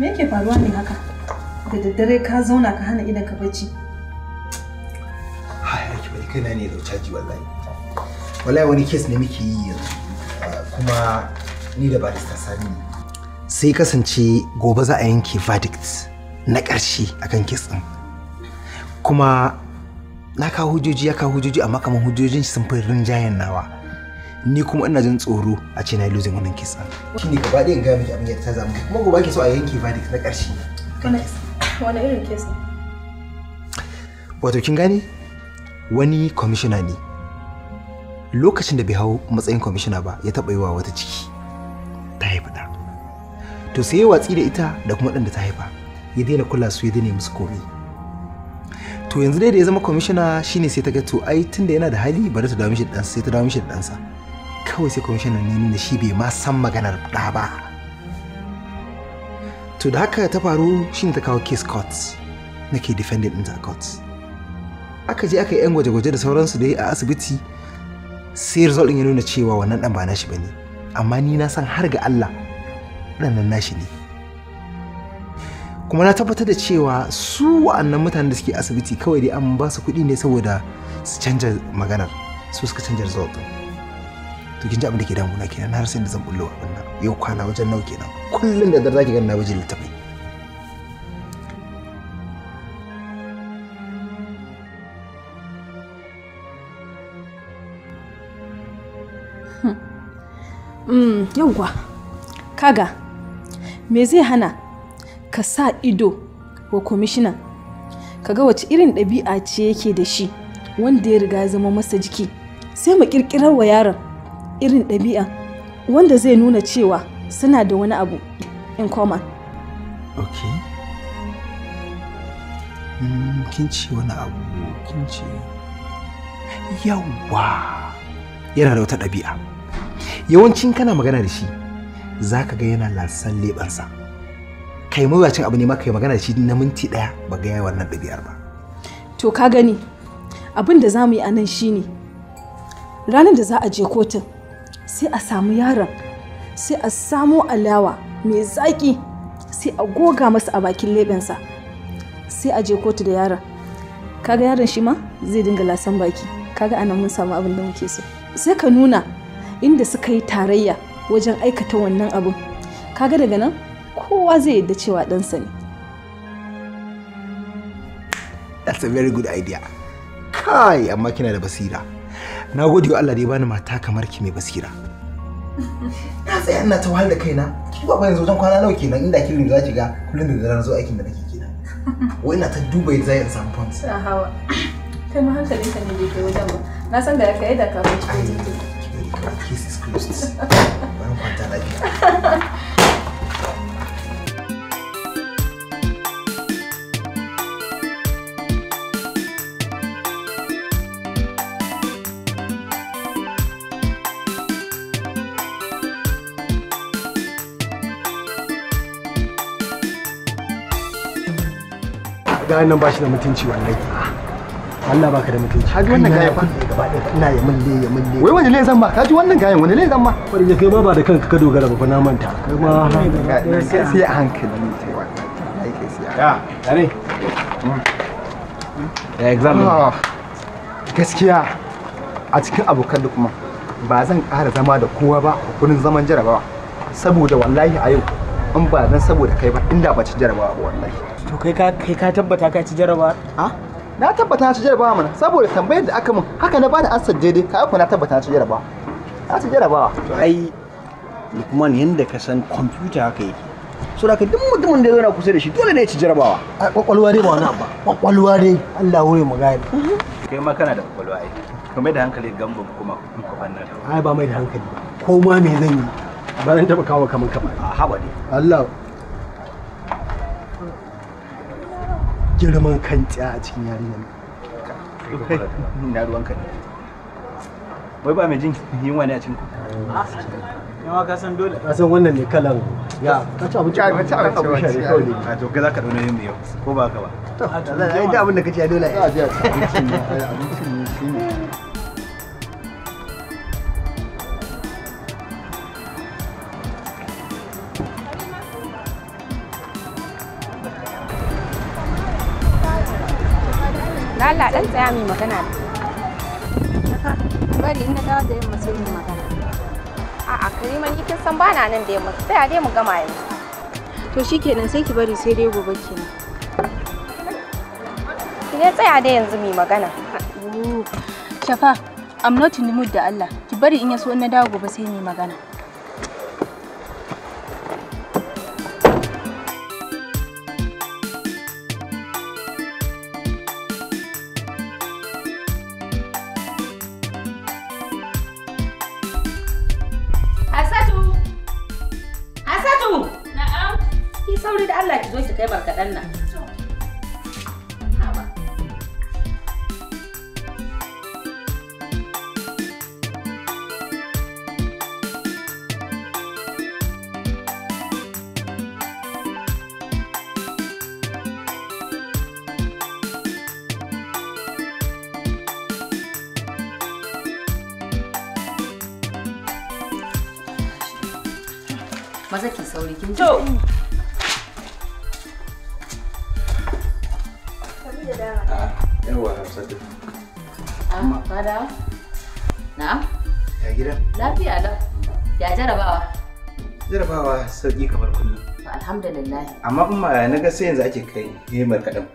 me yake faruwa ne haka da daddare ka zauna ka hana idan ka bacci hai ki bari na ne da caji wallahi wallahi wani case ne muke yi yanzu kuma ni da barista sami sai kasance gobe za a yanke verdict na ƙarshe akan case din kuma na kawo hujjoji ya kawo hujjoji amma kamar hujjojin sun fi rinjayen nawa ni kuma ina jin tsoro a ce na yi losing wannan kisa shi ne gaba ɗaya in gaya miki abin yadda ta zama kuma gobe ke so a yanke verdict na ƙarshe wani irin kisa wato kin gane wani kwamishina ne lokacin da bai hau matsayin kwamishina ba ya taɓa yi wa wata ciki ta haifa ɗa to sai ya watsi da ita da kuma ɗan da ta haifa ya daina kula su ya daina musu komai to yanzu dai da ya zama kwamishina shine sai ta ga to ai tunda yana da hali bari ta dawo mishi da ɗansa sai ta dawo mishi da ɗansa kawai sai kwamishinan ne da shi bai ma san maganar ɗa ba to da haka ta faru shi ta kawo case court ke defending ɗin court aka je aka yi 'yan gwaje-gwaje da sauransu da yi a asibiti sai result ya nuna cewa wannan dan ba nashi ba ne amma ni na san har ga Allah dan nan nashi ne kuma na tabbatar da cewa su wa'annan mutanen da suke asibiti kawai dai an ba su kuɗi ne saboda su canja maganar su suka canja result to kin ji abin da ke damuna kenan har sai da zan bullo abin nan yau kwana wajen nawa kenan kullum da dare zaki ga na waje littafai hmm. hmm, yauwa kaga me zai hana ka sa ido wa kwamishinan kaga wace irin dabi'a ce yake da shi wanda ya riga zama masa jiki sai mu ƙirƙirar wa yaron irin ɗabi'a wanda zai nuna cewa suna da wani abu in koma. ok mm, kin ce wani abu kin ce yawwa yana da wata ɗabi'a yawancin kana magana da shi za ka ga yana lasan leɓarsa kai mawuyacin abu ne ma kai magana da shi na minti ɗaya ba ga yawan wannan ɗabi'ar ba to ka gani abin da za mu yi a nan shine ranar da za a je kotun sai a samu yaron sai a samo alawa mai zaƙi sai a goga masa a bakin lebensa sai a je kotu da yaron kaga yaron shi ma zai dinga lasan baki kaga anan mun samu abin da muke so sai ka nuna inda suka yi tarayya wajen aikata wannan abin kaga daga nan kowa zai yadda cewa ɗansa ne that's a very good idea kai amma kina da basira na gode wa Allah da ya bani mata kamar ki mai basira na tsaya ina ta wahal da kaina ki ba yanzu wajen kwana nawa kenan inda kin za ki ga kullun da daren zo aikin da nake kenan wai ina ta duba zai samu points a hawa kai ma hankali ka ne bai wajen ba na san da kai da kafin cikin is closed kwanta lafiya gayan nan ba shi da mutunci wallahi Allah baka da mutunci kaji wannan gayan fa gaba ɗaya ina ya mulle ya mulle wai wani lezan zan ba kaji wannan gayan wani lezan zan ba bari ya kai ma ba da kanka ka dogara ba na manta kai ma sai a hankali sai wannan ai kai sai ya dare hmm. ya exam ah, gaskiya a cikin abokan da kuma ba zan ƙara zama da kowa ba a zaman jarabawa saboda wallahi a yau in ba zan saboda kai ba inda ba ci jarabawa ba wallahi to kai ka kai ka tabbata ka ci jaraba ha na tabbata na ci jaraba mana saboda tambayar da aka mun haka na bada ansa daidai ka ku na tabbata na ci jaraba na ci jaraba to ai lukman yanda ka san computer haka yake so da duk mutumin da ya zauna kusa da shi dole ne ya ci jarabawa a kwakwalwa dai ba wani abu kwakwalwa dai Allah wuri mu gane kai ma kana da kwakwalwa ai to mai da hankali gambo kuma ku fannin ai ba mai da hankali ba ko ma me zan yi ba zan taba kawo kaman ka a haba dai Allah girman kan tsaya a cikin yarinyar na ruwanka ne wai ba mai jin yunwa ne a cikin ku yawa ka san dole ka san wannan ne kalan ya ka ci abinci ka ci abinci ka ci abinci a to ka za ka dauna yin yau ko ba ka ba to ai da abin da kace dole a ji abincin ne Allah dan tsaya mai magana da. bari in na dawo da yamma sai mu magana a'a karima ni kin san bana nan da yamma a dai mu gama yanzu to shikenan sai ki bari sai dai gobe kenan ki ne tsaya dai yanzu mai magana shafa I'm not in the mood da Allah ki bari in yaso in na dawo gobe sai mai magana ಅನ್ನ amma kuma eh, na ga sai yanzu ake kai himar kaɗan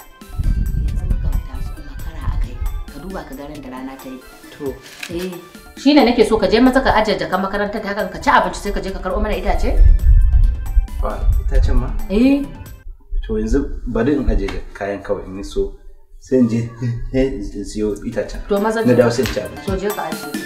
yanzu muka wata su makara a kai ka duba ka garin da rana ta yi to eh shi ne nake so ka je masa ka ajiye jakan makarantar ta hakan ka ci abinci sai ka je ka karɓo mana itace ba itacen ma eh to yanzu bari in ajiye kayan kawai in so sai in je siyo itacen to maza na dawo sai in ci abinci to je ka ajiye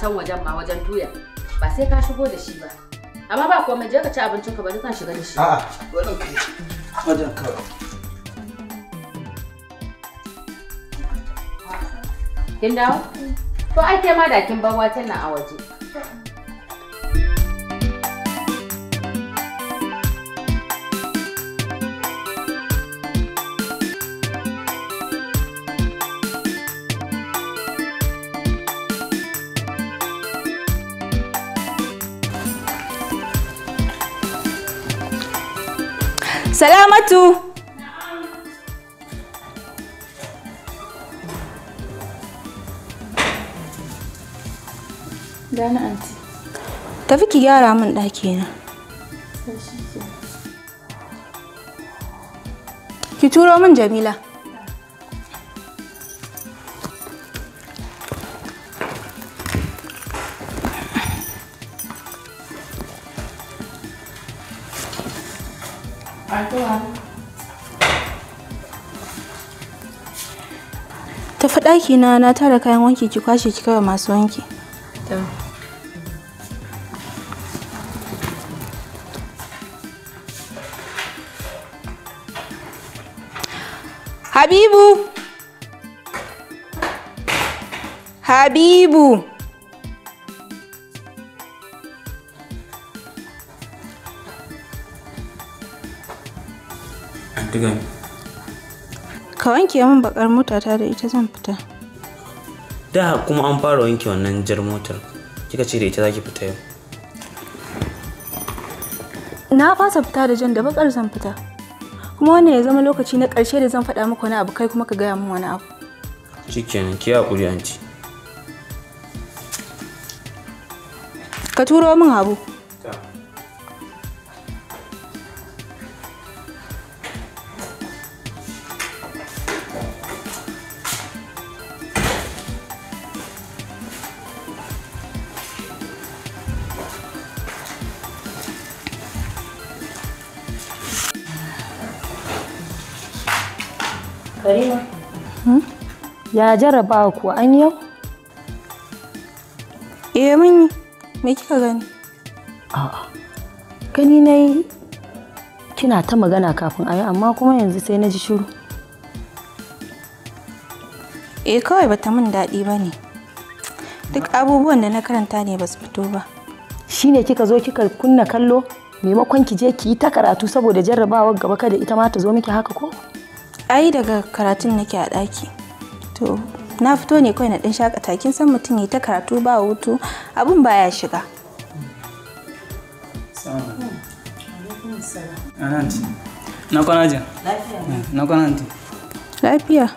can wajen ma wajen tuya ba sai ka shigo da shi ba amma ba komai je ka ci abincin ka bari zan shiga da shi a'a wannan kai wajen ka kin dawo to ai kai ma da kin bar watan nan a waje Salamatu! Dana anti. Tafi ki gyara min ɗaki na. Ki turo min Jamila. daki na na tara kayan wanki ki kwashe ki kawai masu wanki. Habibu! Habibu! Antigan. ka wanke min bakar motata da ita zan fita da kuma an fara wanke wannan jar motar kika ce da ita zaki fita yau na fasa fita da jan da bakar zan fita kuma wannan ya zama lokaci na ƙarshe da zan faɗa maka wani abu kai kuma ka gaya min wani abu shikenan ki hakuri anti ka turo min habu ya jaraba ku an yau? Eh mun yi, me kika gani? A'a, gani na yi kina ta magana kafin a yi amma kuma yanzu sai na ji shiru. Eh kawai bata min daɗi ba ne. Duk abubuwan da na karanta ne ba su fito ba. Shi ne kika zo kika kunna kallo maimakon ki je ki yi ta karatu saboda jarrabawar gaba kada ita ma ta zo miki haka ko? Ai daga karatun nake a ɗaki. to na fito ne kawai na ɗan shakata kin san mutum ya ta karatu ba hutu abun baya shiga lafiya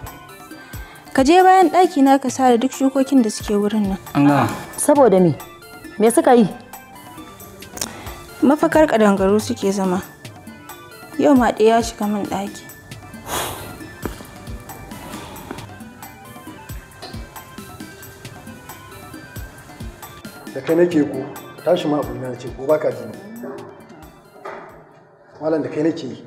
ka je bayan ɗaki na ka sare duk shukokin da suke wurin nan an saboda me me suka yi mafakar ƙadangaru suke zama yau ma ya shiga min ɗaki da kai nake ko tashi ma abu na ce ko baka ji malam da kai nake yi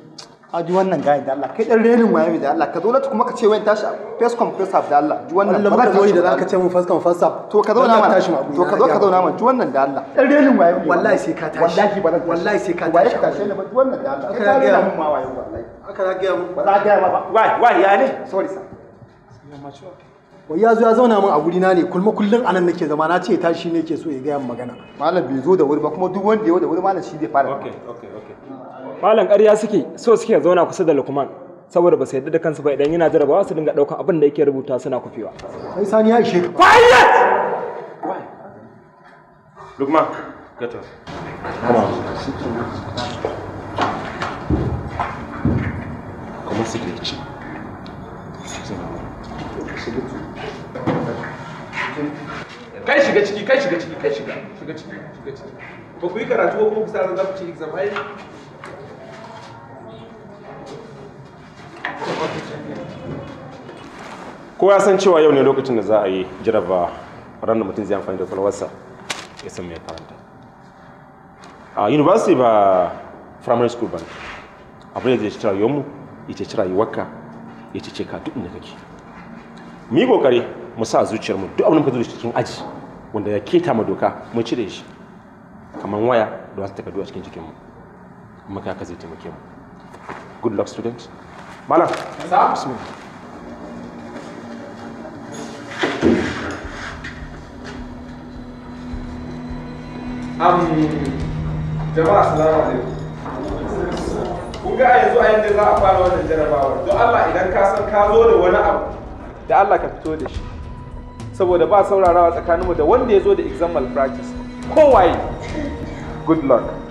a ji wannan gayin da Allah kai dan renin waye da Allah ka zo lati kuma ka ce wai tashi face com face up da Allah ji wannan ba ka zo da ka ce mun face com face up to ka zauna ma tashi ma to ka zo ka zauna ma ji wannan da Allah dan renin waye wallahi sai ka tashi wallahi ba wallahi sai ka tashi wallahi ka tashi ne ba ji wannan da Allah ka ga mun ma waye wallahi aka ga mun ba za ga ba wai wai ya ne sorry sir you're mature wai ya zo ya zauna min a guri na ne kulma kullun anan nake zama na ce tashi ne ke so ya gaya magana malam bai zo da wuri ba kuma duk wanda ya da wuri malam shi zai fara okay okay okay malam ƙarya suke so suke zauna kusa da lukman saboda ba su da kansu ba idan yana jarabawa su dinga ɗaukan abin da yake rubuta suna kufewa sai sani ya ishe quiet lukman gata kuma kamar su ke ci kai shiga ciki kai shiga ciki kai shiga shiga ciki shiga ciki ba ku yi karatu ko ku sa za ku ci exam ai ko ya san cewa yau ne lokacin da za a yi jaraba ran da mutum zai amfani da kwalwarsa ya san mai karanta a university ba primary school ba abin da zai ci rayuwarmu ya ce ci rayuwarka ya ce ce ka duk inda kake mi yi kokari mu sa zuciyar mu duk abin da zo cikin aji wanda ya keta ma doka mu cire shi kamar waya da wasu takardu a cikin jikin mu kuma ka zai taimake mu good luck student malam bismillah jama'a salamu alaikum kun ga yanzu a yadda za a fara wannan jarabawar don allah idan ka san ka zo da wani abu da allah ka fito da shi saboda ba saurarawa tsakaninmu da wanda ya zo da exam malpractice kowaye good luck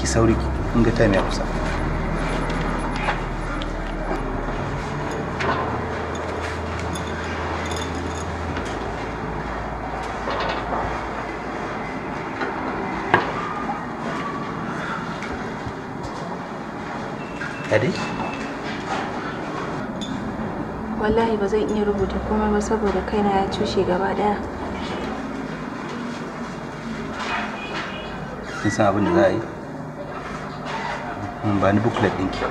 ki sauri kun ga time ya kusa Daddy? Wallahi ba zai iya rubuta komai ba saboda kaina ya cushe gaba daya. Kin san abin da za a yi? ba ni booklet ɗinki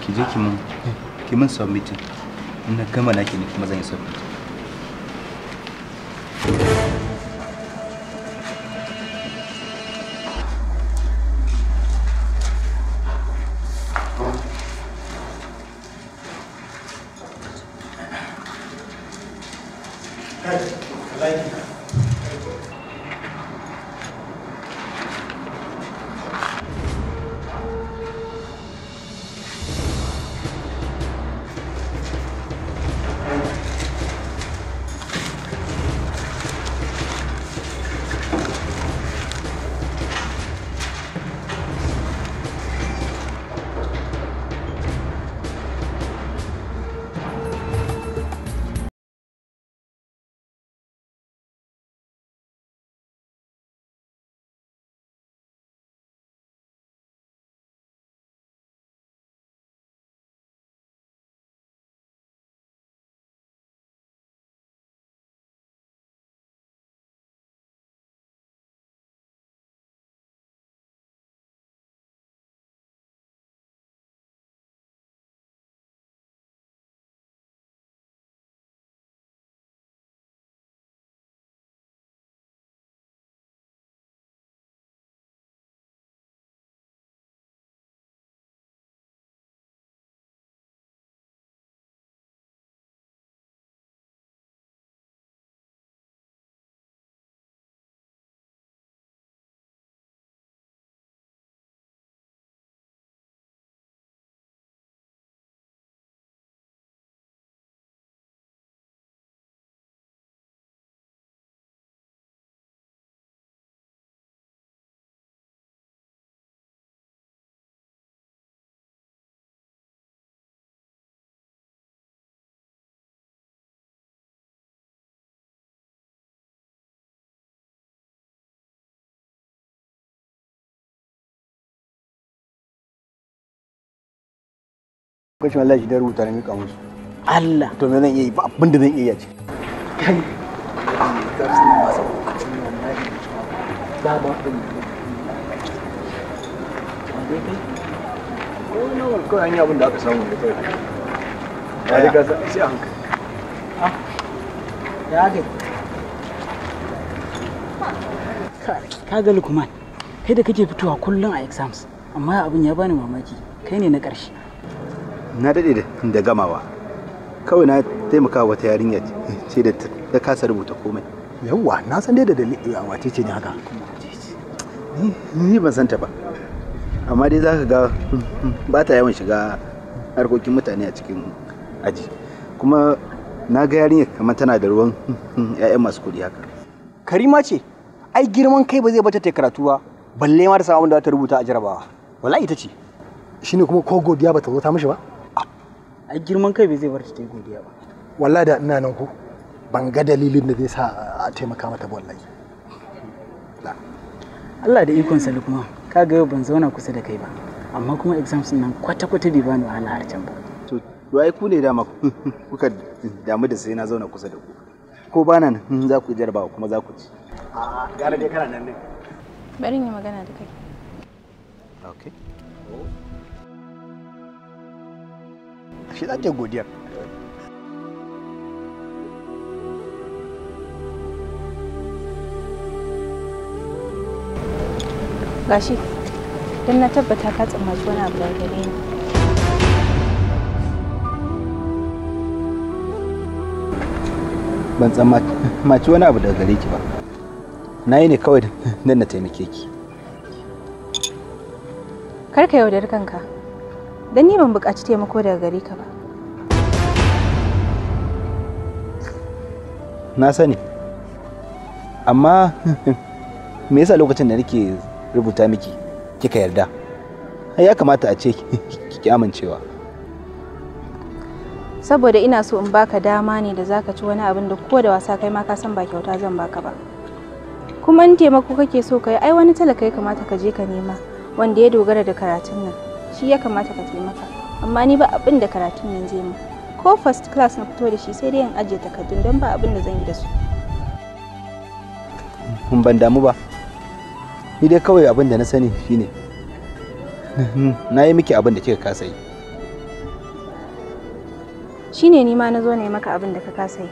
ki je ki mun ki mun submitting na gama naki ne kuma zan yi bashi Allah shi da rubuta na miƙa musu Allah to me zan iya yi ba abin da zan iya ce kai yi ka ah. ya ga ka kai da kake fitowa kullum a exams amma abin ya bani mamaki kai ne na ƙarshe na daɗe da gamawa kawai na taimaka wata yarinya ce da ta kasa rubuta komai yawwa na san dai da dalilin a wace ce ne haka ni ban san ta ba amma dai za ka ga ba ta yawan shiga harkokin mutane a cikin aji kuma na ga yarinya kamar tana da ruwan 'ya'yan masu kuɗi haka karima ce ai girman kai ba zai bata ta karatu ba balle ma ta samu da ta rubuta a jarabawa wallahi ita ce shine kuma ko godiya ba ta zo ta mishi ba ai girman kai bai zai bar ta godiya ba wallahi da ina nan ku ban ga dalilin da zai sa a taimaka mata wallahi Allah da ikon sa kuma kaga yau ban zauna kusa da kai ba amma kuma exams nan kwata kwata bai bani wahala har can ba to wai ku ne dama kuka damu da sai na zauna kusa da ku ko ba nan za ku jarba kuma za ku ci a gara dai kana nan ne bari ni magana da kai okay oh. shi za ta godiya gashi don na tabbata ka tsammaci wani abu da gare ni ban tsammaci wani abu da gare ki ba na yi ne kawai don na taimake ki kar ka yaudari kanka Dan ni ban buƙaci taimako daga gare ka ba. Na sani. Amma me yasa lokacin da nake rubuta miki kika yarda? Ya kamata a ce ki amincewa. Saboda ina so in baka dama ne da zaka ci wani abin da ko da wasa kai ma ka san ba kyauta zan baka ba. Kuma in taimako kake so kai ai wani talaka ya kamata ka je ka nema wanda ya dogara da karatun nan. shi ya kamata ka taimaka amma ni ba abin da karatun yanzu mu ko first class na fito da shi sai dai in ajiye takardun don ba abin da zan yi da su mun ban damu ba ni dai kawai abin da na sani shine na yi miki abin da kika kasa yi shine ni ma na zo ne maka abin da ka kasa yi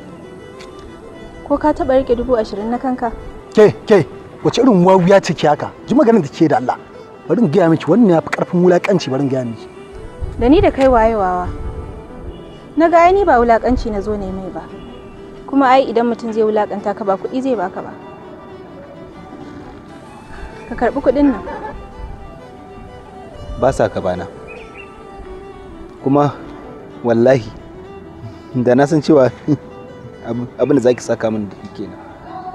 ko ka taba rike dubu ashirin na kanka ke ke wace irin wawuya ce ki haka ji maganar da ke da Allah bari in gaya miki wannan ya fi karfin wulaƙanci bari in gaya miki da ni da kai waye wawa na ga ni ba wulaƙanci na zo ne mai ba kuma ai idan mutum zai wulaƙanta ka ba kuɗi zai baka ba ka karɓi kuɗin nan ba sa ka bana kuma wallahi da na san cewa abin da zaki saka min da kenan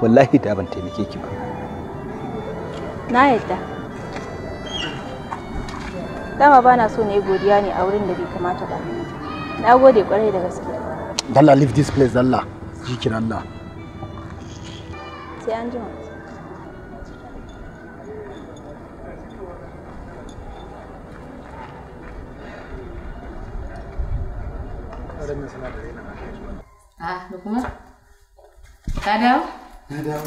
wallahi da ban taimake ki ba na yadda dama ba na so na yi godiya ne a wurin da bai kamata ba na gode kwarai da gaske dalla leave this place dalla jikin Allah sai an jima Ah, Lukman? Ka dawo? Na dawo.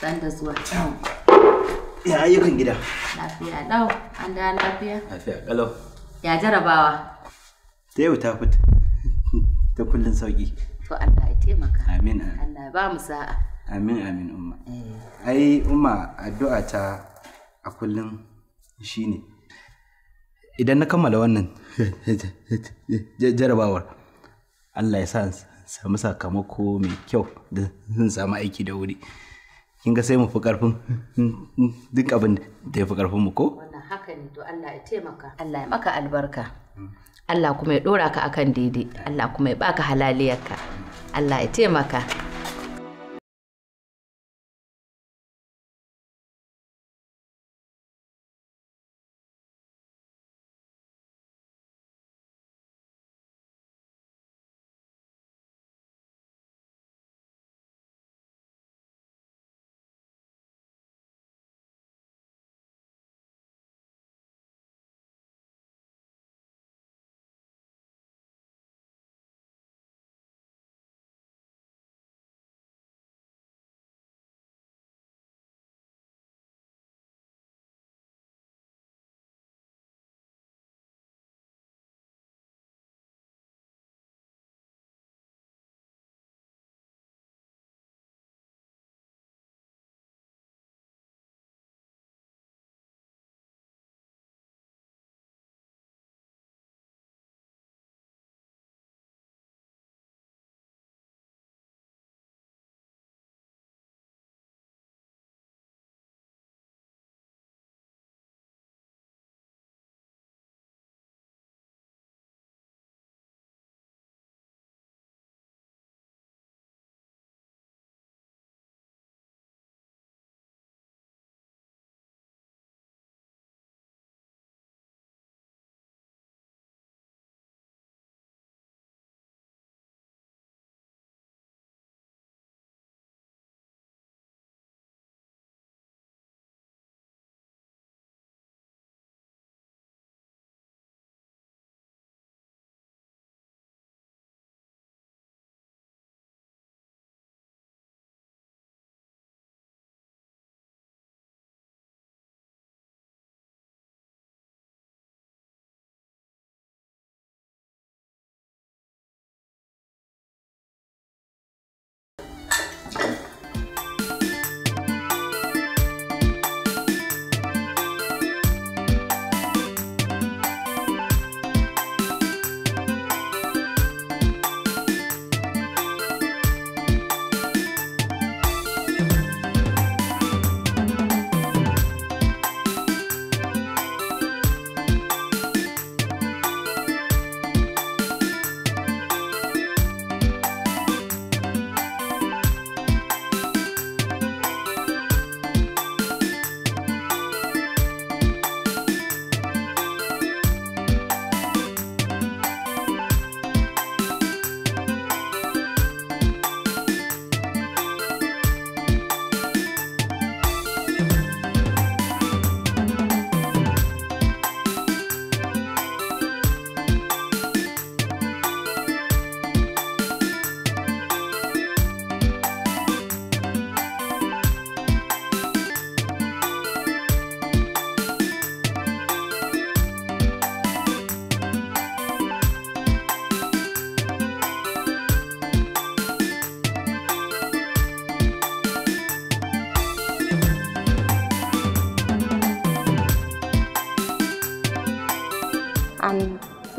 San da zuwa. Ya ayyukan gida. Lafiya ɗau, an da lafiya. Lafiya ƙalau. Ya jarabawa. Ta yau ta fita. Ta kullum sauƙi. To Allah ya taimaka. Amin. Allah ba mu sa'a. Amin amin umma. Eh. Ai umma addu'a ta a kullum shine idan na kammala wannan jarabawar Allah ya sa samu sakamako mai kyau da zan samu aiki da wuri. kin ga sai mu fi karfin duk abin da ya fi karfin mu ko wannan haka ne to Allah ya taimaka Allah ya maka albarka Allah kuma ya dora ka akan daidai Allah kuma ya baka halaliyarka Allah ya taimaka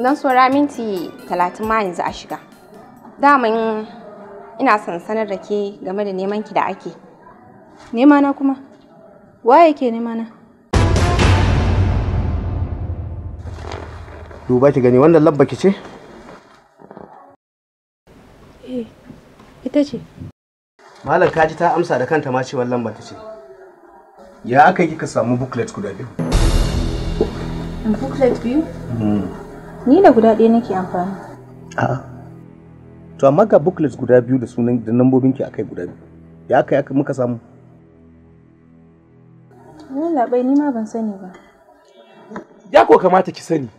zan saura minti talatin ma yanzu a shiga daman ina son sanar da ke game da neman ki da ake Nemana kuma waye ke nema duba ki gani wannan labba ki ce eh ita ce malam kaji ta amsa da kanta ma cewa lamba ta ce ya aka yi ka samu booklet guda biyu booklet biyu hmm. Ni da guda ɗaya nake amfani. A'a. To amma ga booklets guda biyu da sunan da nambobin ki akai guda biyu. Ya kai aka muka samu. Yalla bai ni ma ban sani ba. Ya ko kamata ki sani.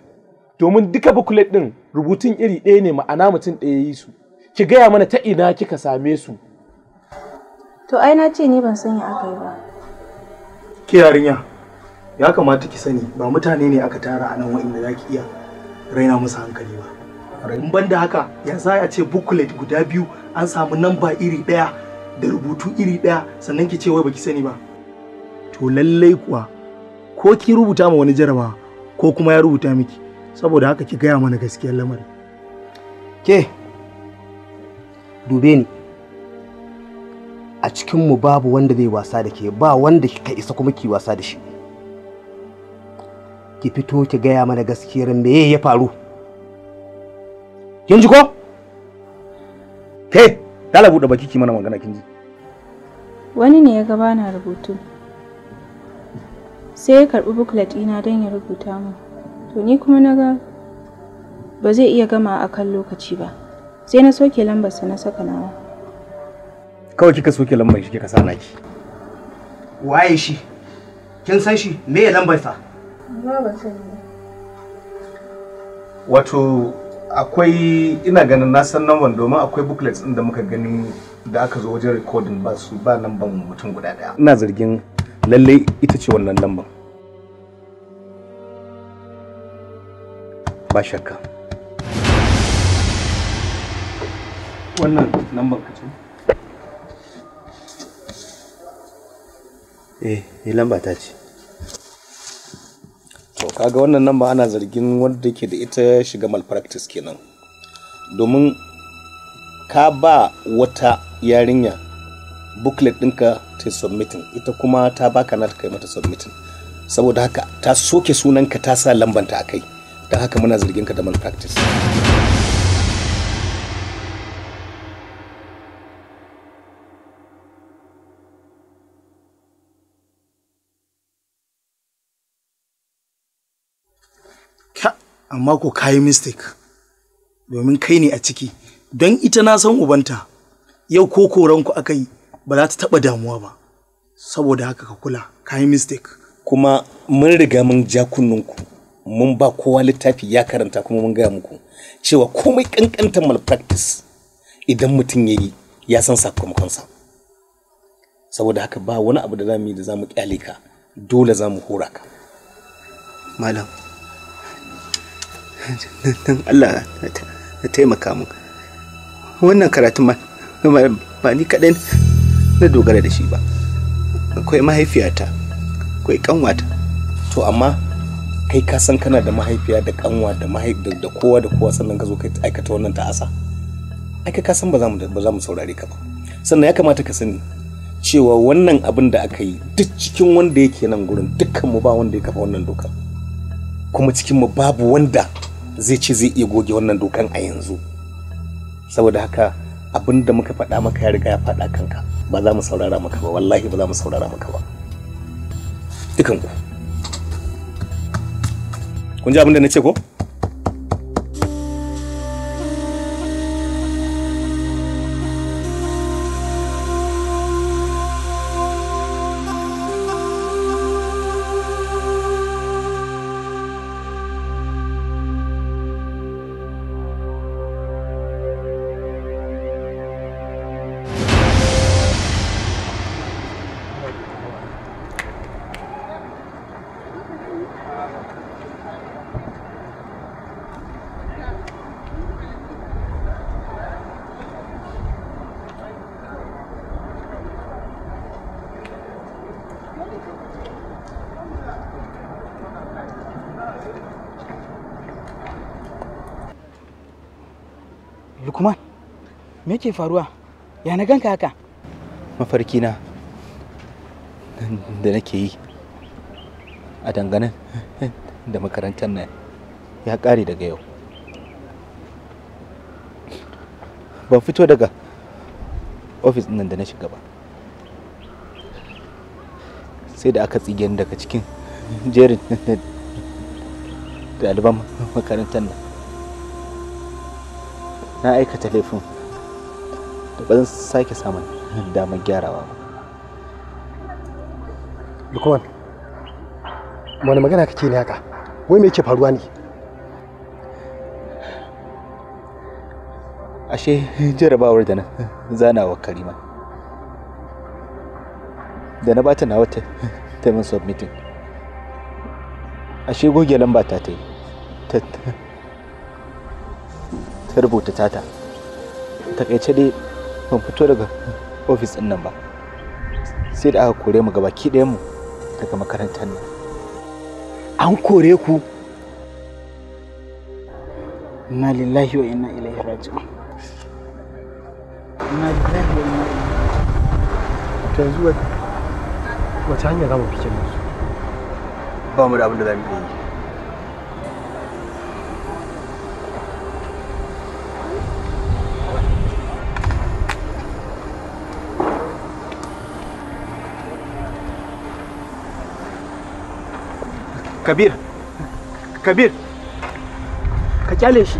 Domin duka booklet din rubutun iri ɗaya ne ma'ana mutum ɗaya yi su. Ki gaya mana ta ina kika same su. To ai na ce ni ban sani akai ba. Ki yarinya, ya kamata ki sani ba mutane ne aka tara a nan wa'inda za ki iya raina masa hankali ba in ban da haka ya a ce booklet guda biyu an samu namba iri ɗaya da rubutu iri ɗaya sannan ki ce wai baki sani ba to lallai kuwa ko ki rubuta ma wani jarabawa ko kuma ya rubuta miki saboda haka ki gaya mana gaskiyar lamarin ke dube ni a cikinmu babu wanda zai wasa da ke ba wanda kika isa kuma ki wasa da shi ki fito ki gaya mana gaskiyar me ya faru kin ji ko ke dala bude baki ki mana magana kin ji wani ne ya ga bana rubutu sai ya karɓi booklet ina don ya rubuta mu, to ni kuma na ga ba zai iya gama a kan lokaci ba sai na soke lambarsa na saka nawa kawai kika soke lambar shi kika sa naki waye shi kin san shi me ya lambarsa wato akwai ina ganin na san nan domin akwai booklets ɗin da muka gani da aka zo wajen recording ba su ba ban mutum guda daya ina zargin lalle ita ce wannan lamban ba shakka wannan lamban ka ce eh ni lamba ta ce to kaga wannan nan ba ana zargin wanda ke da ita shiga malpractice kenan domin ka ba wata yarinya booklet ɗinka ta submitting ita kuma ta baka na kai mata submitting saboda haka ta soke sunanka ta sa lambanta a kai don haka muna zargin ka da malpractice amma ko kayi mistake domin kai ne a ciki don ita na san ubanta yau ko koranku aka yi ba za ta taɓa damuwa ba saboda haka ka kula kayi mistake kuma mun riga mun ja kunnunku mun ba kowa littafi ya karanta kuma mun gaya muku cewa komai kankantar malpractice idan mutum ya yi ya san sakamakonsa saboda haka ba wani abu da za mu yi da za mu kyale ka dole za mu hora ka malam Allah ya taimaka mun wannan karatun ba ni kaɗai na dogara da shi ba akwai mahaifiyata akwai kanwata to amma kai ka san kana da mahaifiya da kanwa da da kowa da kowa sannan ka zo kai aikata wannan ta'asa ai ka san ba za mu ba za mu saurare ka ba sannan ya kamata ka sani cewa wannan abin da aka yi duk cikin wanda yake nan gurin dukkan mu ba wanda ya kafa wannan doka kuma cikin mu babu wanda zai ce zai iya goge wannan dokan a yanzu saboda haka abin da muka faɗa maka ya riga ya faɗa kanka ba za mu saurara maka ba wallahi ba za mu saurara maka ba dukanku kun ji abin da na ce ko yake faruwa ya na ganka haka mafarki na da nake yi a dangane da makarantar nan ya ƙare daga yau ban fito daga ofis nan da na shiga ba sai da aka tsige daga cikin jerin ɗaliban makarantar nan na aikata laifin da ba zan sake samun damar gyarawa ba lukman wani magana kake ne haka wai me ke faruwa ne ashe jarabawar da na wa karima da na bata na wata ta submitting ashe goge lamba ta ta yi ta rubuta tata takaice dai ban fito daga ofis ɗin nan ba sai da aka kore mu gabaki ɗayan mu daga makarantar nan an kore ku inna lillahi wa inna ilaihi raji'un inna lillahi wa inna ilaihi to yanzu wata hanya za mu fice ba mu da abin da za mu yi kabir kabir ka kyale shi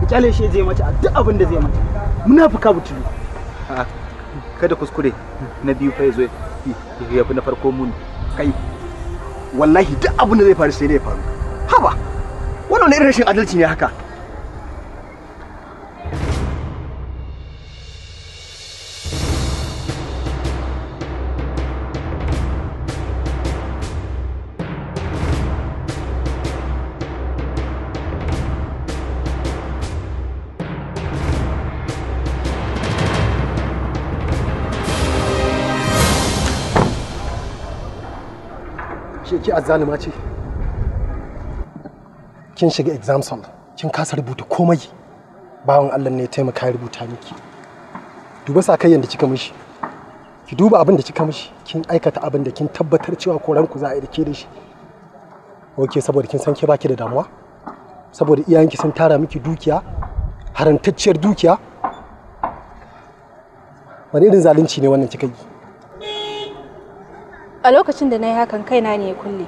ka kyale shi zai a duk abin da zai mata munafuka butulu kada kuskure na biyu fa yazo ya fi na farko mun kai wallahi duk abin da zai faru sai ne ya faru haba wannan irin rashin adalci ne haka ke ce kin shiga exam hall kin kasa rubuta komai bawan Allah ne ya taimaka ya rubuta miki duba kai da kika mishi ki duba abin da kika mishi kin aikata abin da kin tabbatar cewa koran ku za a yi da shi ok saboda kin san ke baki da damuwa saboda iyayenki sun tara miki dukiya harantacciyar dukiya wani irin zalunci ne wannan kika yi a lokacin da na yi hakan kaina ne ya kulle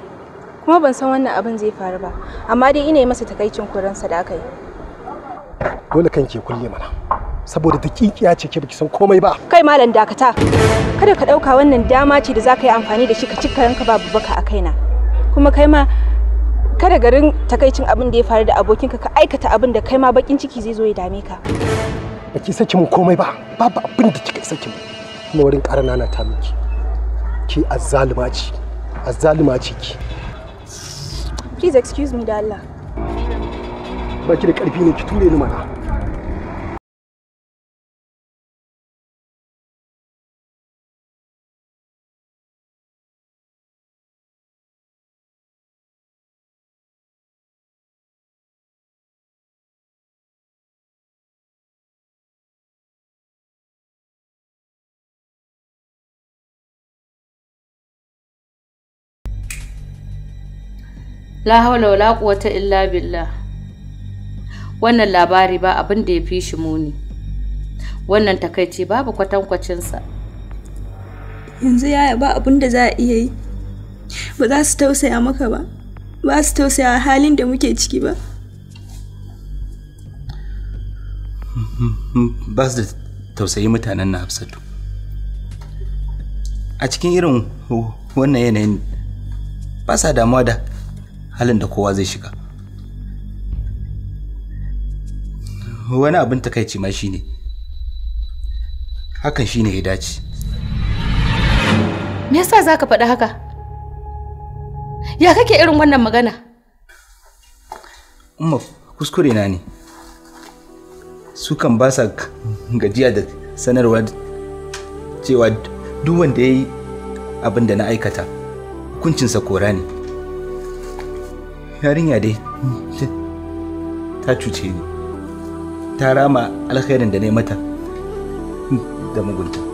kuma ban san wannan abin zai faru ba amma dai ina yi masa takaicin kuransa da aka yi dole kan ke kulle mana saboda dakikiya ce ke baki san komai ba kai malam dakata kada ka dauka wannan dama ce da zaka yi amfani da shi ka cika ranka babu baka a kaina kuma kai ma kada garin takaicin abin da ya faru da abokinka ka aikata abin da kai ma bakin ciki zai zo ya dame ka baki saki mun komai ba babu abin da kika saki mun kuma wurin karana na ta miki ki azzalima ce azzalima ce ki please excuse me da Allah ba ki da karfi ne ki ture ni mana la hawla wala quwwata illa billah wannan labari ba abin da ya fi shi muni wannan takaici babu kwatankwacinsa yanzu yaya ba abin da za a iya yi ba za su tausaya maka ba ba su tausaya halin da muke ciki ba ba su da tausayi mutanen na hafsatu a cikin irin wannan yanayin ba sa damuwa da halin da kowa zai shiga wani abin takaici ma shine hakan shine ya dace me yasa za ka faɗi haka ya kake irin wannan magana umma kuskure na ne su kan ba sa gajiya da sanarwa cewa duk wanda ya yi abin da na aikata hukuncinsa kora ne yarinya dai ta cuce ni ta rama alkhairin da na mata da mugunta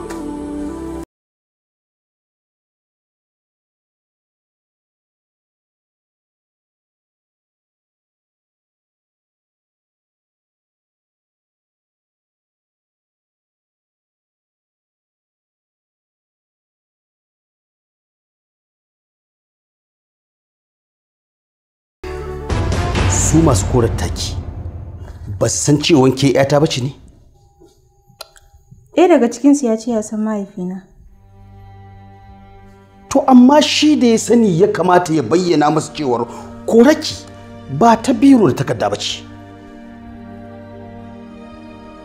su masu korar taki ba su san cewa ke yata ba ce ne ɗaya daga cikinsu ya ce ya san mahaifina to amma shi da ya sani ya kamata ya bayyana masu cewar koraki ba ta biro da takarda ba ce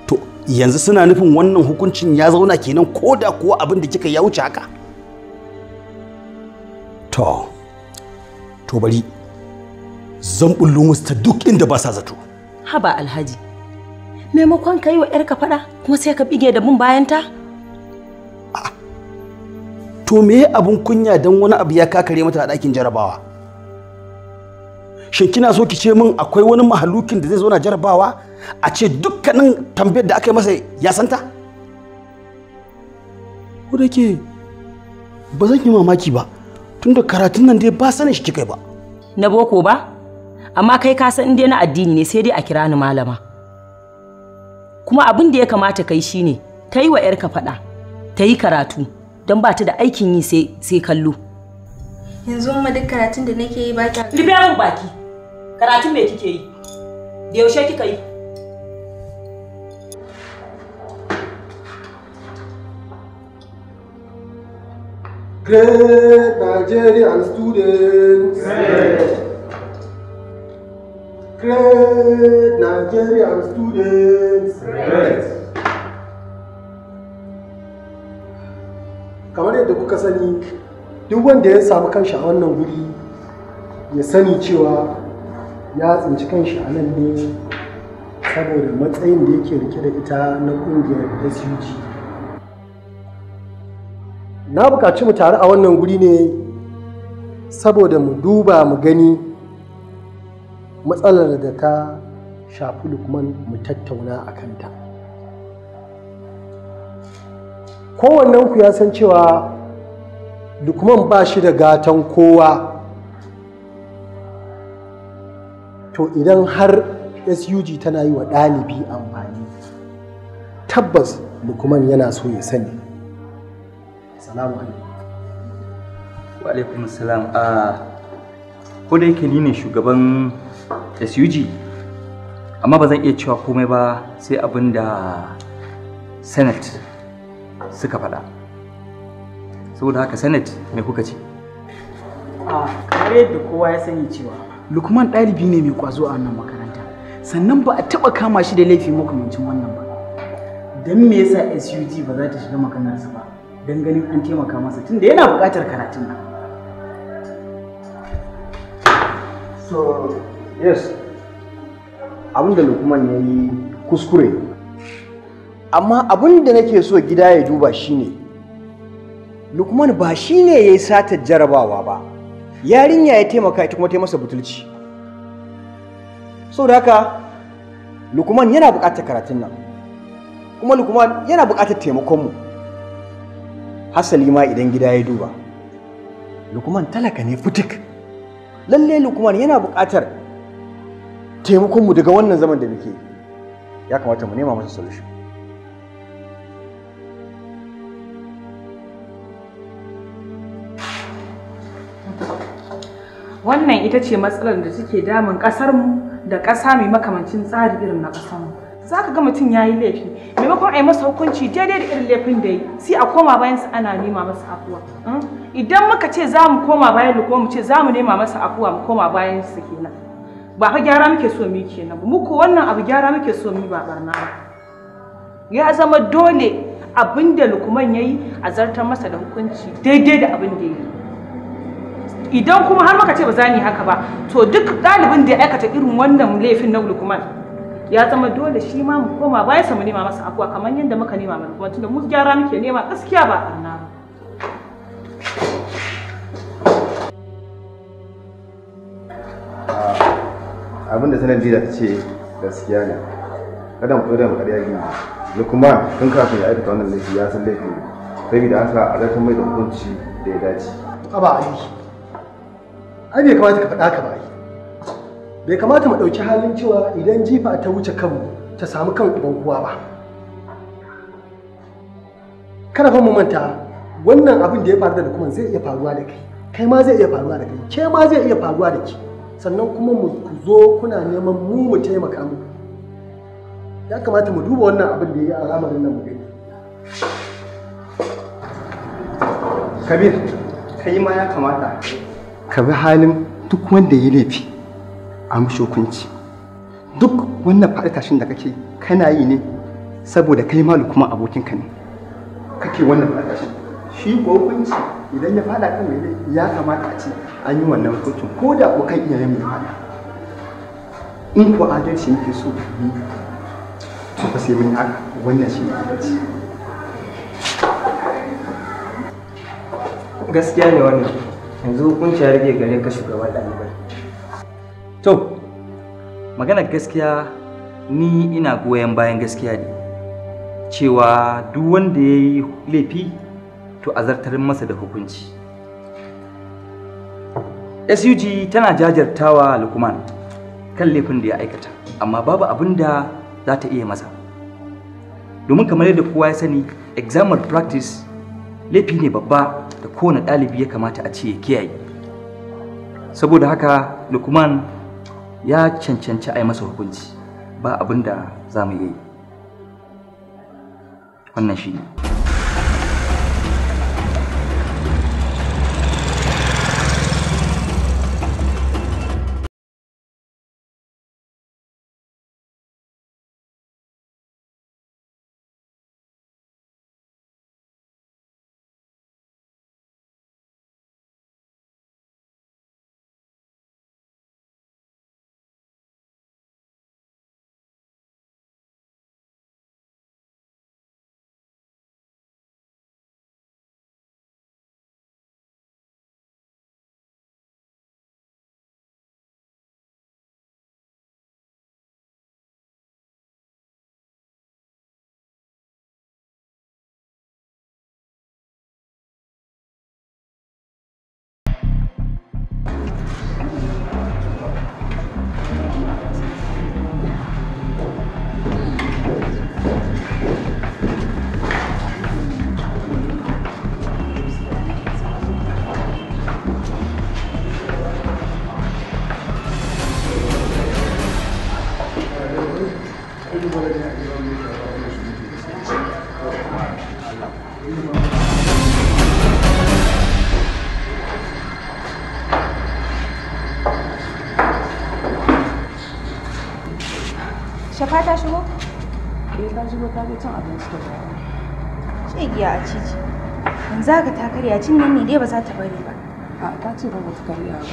to yanzu suna nufin wannan hukuncin ya zauna kenan ko da kuwa abin da kika ya wuce haka to to bari zan bullo duk inda ba sa zato haba alhaji maimakon ka yi wa 'yarka faɗa kuma sai ka bige da mun bayanta to me abun kunya don wani abu ya kakare mata a ɗakin jarabawa shin kina so ki ce min akwai wani mahalukin da zai zo na jarabawa a ce dukkanin tambayar da aka masa ya santa ko da ke ba zan yi mamaki ba tunda karatun nan dai ba sanin shi kai ba na boko ba amma kai ka san dai na addini ne sai dai a kira ni malama kuma abin da ya kamata kai shine kai yi wa 'yarka faɗa ta yi karatu don ba ta da aikin yi sai kallo yanzu ma duk karatun da nake yi ba ta rufe min baki karatun me kike yi da yaushe kika yi Great Nigerian students! Great. Great Nigerian students. Great. Kamar yadda kuka sani, duk wanda ya samu kanshi a wannan wuri ya sani cewa ya tsinci kanshi a nan ne saboda matsayin da yake rike da ita na ƙungiyar SUG. Na buƙaci mu tare a wannan guri ne saboda mu duba mu gani matsalar da ta shafi lukman mu tattauna a kanta kowannen ku ya san cewa lukman ba shi da gatan kowa to idan har sug tana yi wa ɗalibi amfani tabbas lukman yana so ya sani salamu alaikum wa alaikum salam a ah, kodayake ni ne shugaban SUG amma ba iya cewa komai ba sai abin da senate suka faɗa saboda haka senate me kuka ce ah, kamar yadda kowa ya sani cewa lukman ɗalibi ne mai ƙwazo a wannan makaranta sannan ba a taɓa kama shi da laifi makamancin wannan ba don me yasa sug ba za ta shiga maganarsa ba don ganin an taimaka masa tunda yana buƙatar karatun nan so yes abinda lukman ya yi kuskure amma abin da nake so gida ya duba shine lukman ba shine ya yi satar jarabawa ba yarinya ya taimaka ita kuma ta masa butulci saboda haka lukman yana buƙatar karatun nan kuma lukman yana buƙatar mu hasali ma idan gida ya duba lukman talaka ne fitik lalle lukman yana buƙatar taimakonmu daga wannan zaman da muke ya kamata mu nema masa solution wannan ita ce matsalar da suke damun ƙasarmu da ƙasa mai makamancin tsari irin na ƙasarmu za ka ga mutum ya yi laifi maimakon a yi masa hukunci daidai da irin laifin da yi sai a koma bayan ana nema masa afuwa hmm? idan muka ce za mu koma bayan mu ce za mu nema masa afuwa mu koma bayan ke kenan ba fa gyara muke so mu kenan ba muku wannan abu gyara muke so mu ba barna ba ya zama dole abin da lukman ya yi a zartar masa da hukunci daidai da abin da ya yi idan kuma har muka ce ba zani ni haka ba to duk ɗalibin da ya aikata irin wannan laifin na lukman ya zama dole shi ma mu koma ba sa mu nema masa afuwa kamar yadda muka nema mana kuma tunda mu gyara muke nema gaskiya ba barna ba abin da sanar da ta ce gaskiya ne kadan mu da mu ƙarya gini ya kuma tun kafin ya aikata wannan laifi ya san laifi saboda an sa a zartar mai da hukunci da ya dace a ba ai ai bai kamata ka faɗa ka ba bai kamata mu ɗauki halin cewa idan jifa ta wuce kanmu ta samu kan uban uwa ba kada fa mu manta wannan abin da ya faru da lukman zai iya faruwa da kai kai ma zai iya faruwa da kai ke ma zai iya faruwa da ki sannan kuma mu zo kuna neman mu mu taimaka mu ya kamata mu duba wannan abin da ya yi al'amarin nan mu gani kabir kai ma ya kamata ka bi halin duk wanda ya laifi a mushi hukunci duk wannan faɗi tashin da kake kana yi ne saboda kai malu kuma abokinka ne kake wannan faɗi tashin shi ko hukunci idan ya faɗa kan ya kamata a ce an yi wannan hukuncin ko da ku kan iyayen mai faɗa in ku adalci yake so ku yi to fa sai mun yi haka wannan shi ne adalci gaskiya ne wannan yanzu hukunci ya rage gare ka shugaban ɗalibai to magana gaskiya ni ina goyon bayan gaskiya ne cewa duk wanda ya yi laifi to a zartar masa da hukunci SUG tana jajirtawa Lukman kan laifin da ya aikata, amma babu abin da za ta iya masa. Domin kamar yadda kowa ya sani, exam practice laifi ne babba da kowane ɗalibi ya kamata a ce ya kiyaye. Saboda haka Lukman ya cancanci a yi masa hukunci, ba abin da za mu yi. Wannan shi ne. Ka ta shigo? Eh ta shigo ta je cin abinci da Shi giya a cici. Yanzu haka ta karya cin nan ne dai ba za ta bari ba. A ta ce ba ta karya ba.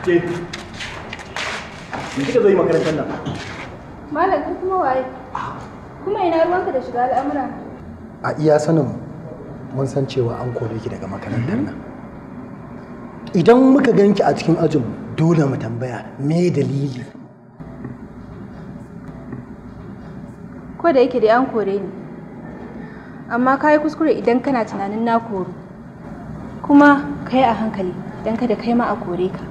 Ke, me kika zo yi makarantar nan? shiga al'amuran a iya sanin mun san cewa an kore ki daga makarantar nan idan muka ganki a cikin ajin dole mu tambaya me dalili ko da yake dai an kore ni amma ka kuskure idan kana tunanin na koru kuma ka a hankali don kada kai ma a kore ka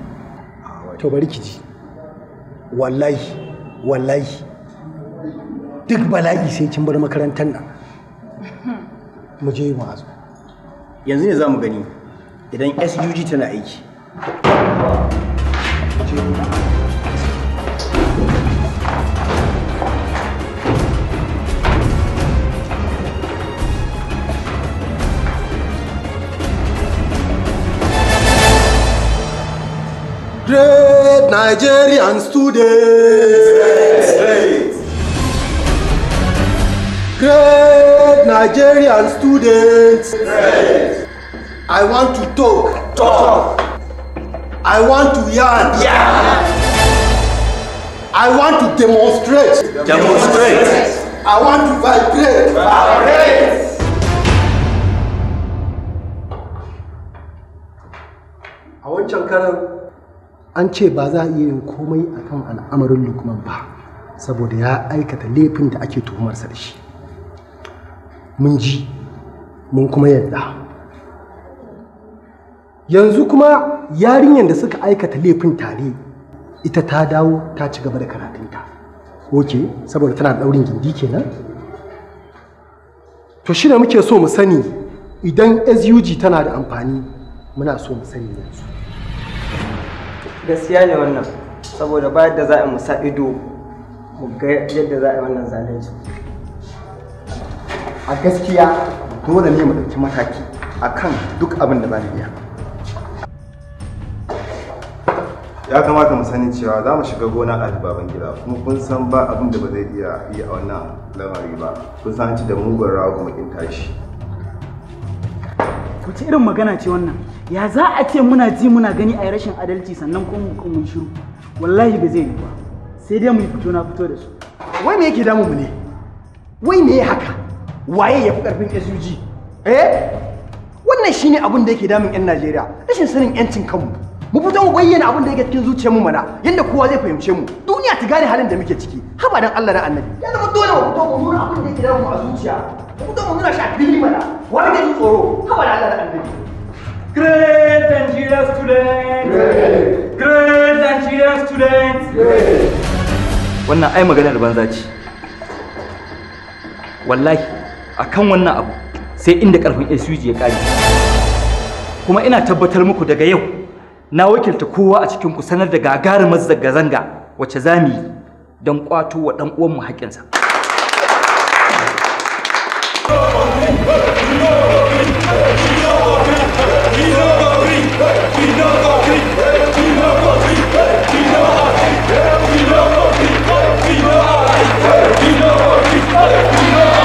to bari ki ji wallahi wallahi duk bala'i sai kin bar makarantar nan mu je mu yanzu ne za mu gani idan SUG tana aiki Great Great, great. Great Nigerian students! Great. I want to talk. Talk! I want to yarn. Yarn! I want to demonstrate. Demonstrate! demonstrate. I want to vibrate. Vibrate! A wancan karan an ce ba za a iya yin komai akan al'amarin Lukman ba saboda ya aikata laifin da ake tuhumarsa da shi. mun ji mun kuma yadda yanzu kuma yarinyar da suka aikata laifin tare ita ta dawo ta ci gaba da karatunta ok saboda tana daurin gindi kenan to shi da muke so mu sani idan sug tana da amfani muna so mu sani yanzu gaskiya ne wannan saboda bayan da za a musa ido mu ga yadda za a yi wannan zalunci a gaskiya dole ne mu ɗauki mataki kan duk abin da za iya ya kamata mu sani cewa za mu shiga gona a baban gida kuma kun san ba abin da ba zai iya yi a wannan lamari ba kun san ci da mugun rawa kuma kin tashi ce irin magana ce wannan ya za a ce muna ji muna gani a rashin adalci sannan kuma mu shiru wallahi ba zai yi ba sai dai mu fito na fito da su wai me yake damu mu ne wai me haka waye ya fi karfin SUG eh wannan shine abin da yake damun yan Najeriya rashin sanin yancin kanmu mu fito mu bayyana abin da yake cikin zuciyarmu mana yanda kowa zai fahimce mu duniya ta gane halin da muke ciki haba dan Allah na annabi ya zama dole mu fito mu nuna abin da yake damun mu a zuciya mu fito mu nuna shi a fili mana wani ne tsoro haba dan Allah na annabi Great Nigeria students! Great! Great Nigeria students! Great! Wannan ai maganar banza ce. Wallahi, akan wannan abu sai inda karfin SUG ya kare kuma ina tabbatar muku daga yau na wakilta kowa a cikin ku sanar da gagarumar zanga-zanga wacce zamu yi don kwato wa dan uwanmu haƙƙinsa Hey!